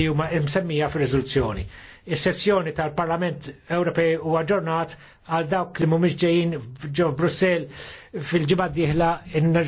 li huma msemmija fir-riżoluzzjoni. Is-sezzjoni tal-Parlament Ewropej huwa aġġornat għal dawk li mhumiex ġejjin ġew Brussell fil-ġibad dieħla